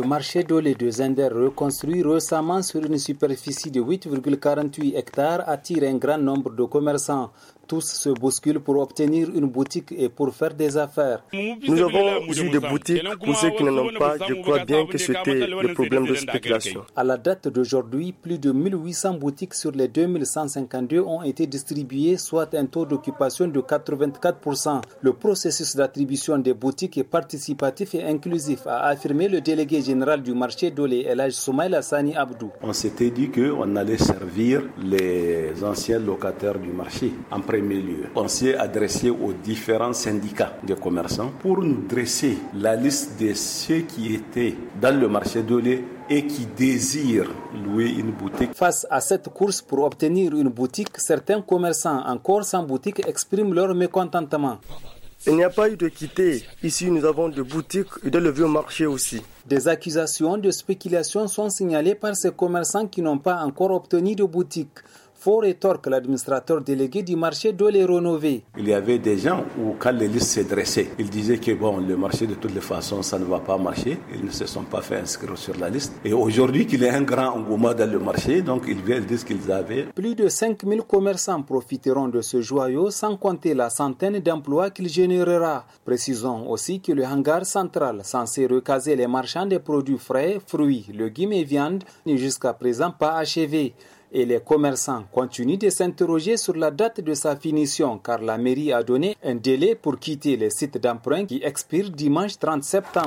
Le marché d'eau les deux Zender reconstruit récemment sur une superficie de 8,48 hectares attire un grand nombre de commerçants tous se bousculent pour obtenir une boutique et pour faire des affaires. Nous avons eu des boutiques pour ceux qui n'en ont pas. Je crois bien que c'était le problème de spéculation. À la date d'aujourd'hui, plus de 1800 boutiques sur les 2152 ont été distribuées, soit un taux d'occupation de 84%. Le processus d'attribution des boutiques est participatif et inclusif, a affirmé le délégué général du marché Dolé Elage Soumaila Sani Abdou. On s'était dit qu'on allait servir les anciens locataires du marché en on s'est adressé aux différents syndicats de commerçants pour nous dresser la liste de ceux qui étaient dans le marché de lait et qui désirent louer une boutique. Face à cette course pour obtenir une boutique, certains commerçants encore sans boutique expriment leur mécontentement. Il n'y a pas eu de quitter. Ici, nous avons des boutiques et de le vieux marché aussi. Des accusations de spéculation sont signalées par ces commerçants qui n'ont pas encore obtenu de boutique. Faux rétorque l'administrateur délégué du marché doit les rénover. Il y avait des gens où, quand les listes se dressaient, ils disaient que bon, le marché de toutes les façons, ça ne va pas marcher. Ils ne se sont pas fait inscrire sur la liste. Et aujourd'hui, qu'il y a un grand engouement dans le marché, donc ils viennent dire ce qu'ils avaient. Plus de 5000 commerçants profiteront de ce joyau, sans compter la centaine d'emplois qu'il générera. Précisons aussi que le hangar central, censé recaser les marchands des produits frais, fruits, légumes et viandes, n'est jusqu'à présent pas achevé et les commerçants continuent de s'interroger sur la date de sa finition car la mairie a donné un délai pour quitter le site d'emprunt qui expire dimanche 30 septembre.